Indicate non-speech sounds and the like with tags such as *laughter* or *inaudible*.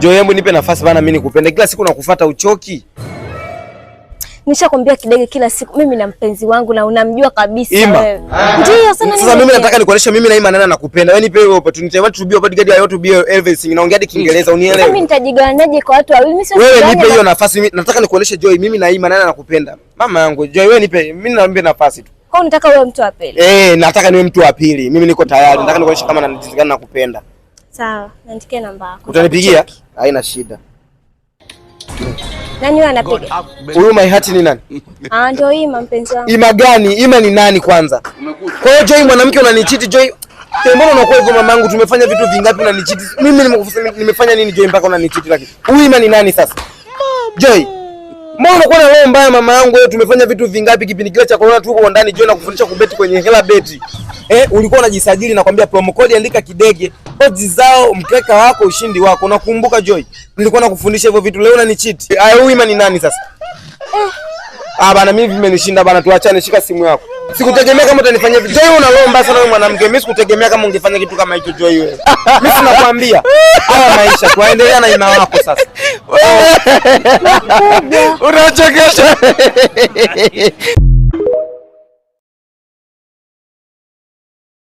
Joy, hebu nipe nafasi bana, mimi nikupende. Kila siku nakufuata uchoki. Nishakwambia kidege, kila siku mimi na mpenzi wangu na unamjua kabisa wewe. Ndio sana sasa mimi nataka nikuoneshe mimi na Ima nana nakupenda. Wewe nipe hiyo opportunity. I want to be a bodyguard, I want to be everything. Naongea hadi Kiingereza unielewe. Mimi nitajigawanaje kwa watu wawili? Mimi siwezi. Wewe nipe hiyo nafasi, mimi nataka nikuoneshe Joy, mimi na Ima nana nakupenda. Mama yangu Joy, wewe nipe, mimi naomba nafasi tu. Kwa unataka wewe mtu wa pili? Eh, nataka niwe mtu wa pili. Mimi niko tayari. Nataka nikuoneshe kama na jinsi gani nakupenda. Sawa, niandike namba yako. Utanipigia? Haina shida. Nani anapiga? Huyu Maihati ni nani? *laughs* Ah, ndio Ima mpenzi wangu. Ima gani? Ima ni nani kwanza? Kwa hiyo Joy mwanamke unanichiti Joy. Eh, mbona unakuwa hivyo mamangu? Tumefanya vitu vingapi nichiti? Mimi nimefanya nini Joy mpaka unanichiti lakini? Huyu Ima ni nani sasa? Joy. Mbona unakuwa na roho mbaya mama yangu? Tumefanya vitu vingapi kipindi kile cha corona tu tuko ndani Joy na kufundisha kubeti kwenye hela beti eh, ulikuwa unajisajili na kwambia promo code andika kidege, odds zao, mkeka wako, ushindi wako. Nakumbuka Joy? Nilikuwa nakufundisha hivyo vitu, leo unani cheat. Huyu ima ni nani sasa? Ah bana, mimi vimenishinda bana, tuachane, shika simu yako. Sikutegemea kama utanifanyia vitu. Joy unalomba sana wewe mwanamke. Mimi sikutegemea kama ungefanya kitu kama hicho Joy wewe. Mimi sinakwambia. Haya maisha, tuendelea na ima wako sasa. *laughs* Oh. Unachekesha. *laughs*